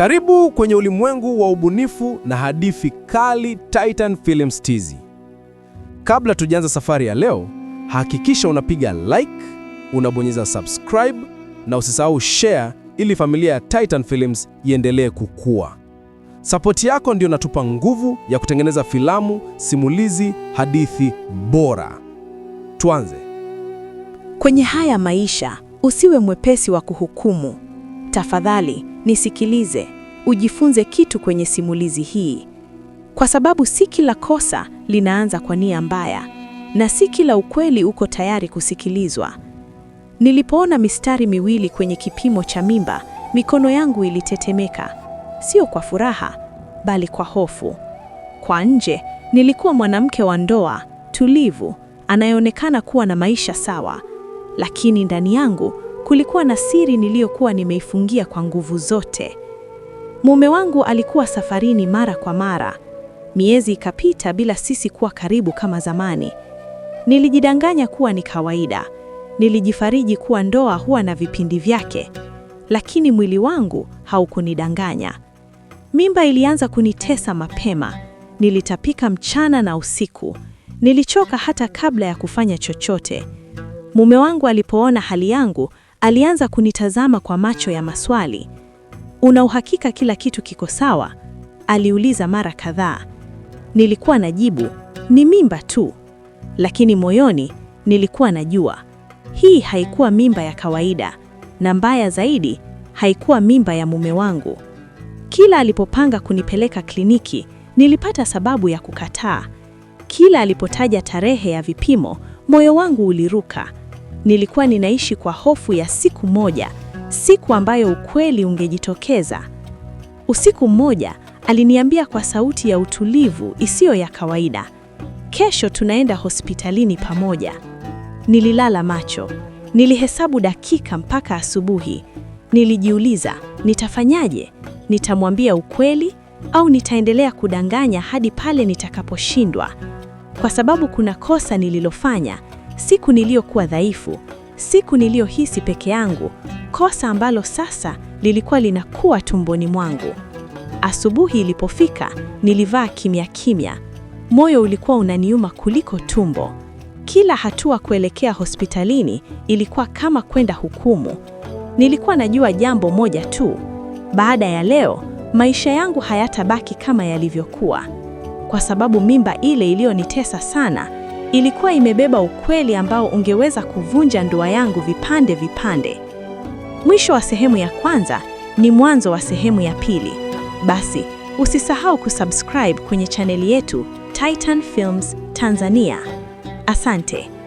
Karibu kwenye ulimwengu wa ubunifu na hadithi kali titan Films TZ. Kabla tujaanza safari ya leo, hakikisha unapiga like, unabonyeza subscribe na usisahau share ili familia ya titan Films iendelee kukua. Sapoti yako ndio inatupa nguvu ya kutengeneza filamu, simulizi, hadithi bora. Tuanze. Kwenye haya maisha, usiwe mwepesi wa kuhukumu. Tafadhali nisikilize, ujifunze kitu kwenye simulizi hii, kwa sababu si kila kosa linaanza kwa nia mbaya na si kila ukweli uko tayari kusikilizwa. Nilipoona mistari miwili kwenye kipimo cha mimba, mikono yangu ilitetemeka, sio kwa furaha, bali kwa hofu. Kwa nje nilikuwa mwanamke wa ndoa tulivu, anayeonekana kuwa na maisha sawa, lakini ndani yangu kulikuwa na siri niliyokuwa nimeifungia kwa nguvu zote. Mume wangu alikuwa safarini mara kwa mara. Miezi ikapita bila sisi kuwa karibu kama zamani. Nilijidanganya kuwa ni kawaida. Nilijifariji kuwa ndoa huwa na vipindi vyake, lakini mwili wangu haukunidanganya. Mimba ilianza kunitesa mapema. Nilitapika mchana na usiku. Nilichoka hata kabla ya kufanya chochote. Mume wangu alipoona hali yangu, Alianza kunitazama kwa macho ya maswali. Una uhakika kila kitu kiko sawa? Aliuliza mara kadhaa. Nilikuwa najibu, ni mimba tu. Lakini moyoni nilikuwa najua. Hii haikuwa mimba ya kawaida na mbaya zaidi, haikuwa mimba ya mume wangu. Kila alipopanga kunipeleka kliniki, nilipata sababu ya kukataa. Kila alipotaja tarehe ya vipimo, moyo wangu uliruka. Nilikuwa ninaishi kwa hofu ya siku moja, siku ambayo ukweli ungejitokeza. Usiku mmoja aliniambia kwa sauti ya utulivu isiyo ya kawaida, kesho tunaenda hospitalini pamoja. Nililala macho, nilihesabu dakika mpaka asubuhi. Nilijiuliza, nitafanyaje? Nitamwambia ukweli au nitaendelea kudanganya hadi pale nitakaposhindwa? Kwa sababu kuna kosa nililofanya siku niliyokuwa dhaifu, siku niliyohisi peke yangu, kosa ambalo sasa lilikuwa linakuwa tumboni mwangu. Asubuhi ilipofika, nilivaa kimya kimya. Moyo ulikuwa unaniuma kuliko tumbo. Kila hatua kuelekea hospitalini ilikuwa kama kwenda hukumu. Nilikuwa najua jambo moja tu, baada ya leo maisha yangu hayatabaki kama yalivyokuwa, kwa sababu mimba ile iliyonitesa sana ilikuwa imebeba ukweli ambao ungeweza kuvunja ndoa yangu vipande vipande. Mwisho wa sehemu ya kwanza ni mwanzo wa sehemu ya pili. Basi usisahau kusubscribe kwenye chaneli yetu titan Films Tanzania. Asante.